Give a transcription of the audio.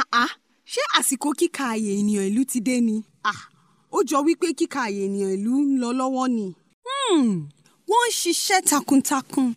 Ah, ah. ṣé àsìkò kíka ààyè ènìyàn ìlú ti dé ni ah, ó jọ wípé kíka ààyè ènìyàn ìlú ń lọ lọ́wọ́ ni. Hmm. wọ́n ń ṣiṣẹ́ takuntakun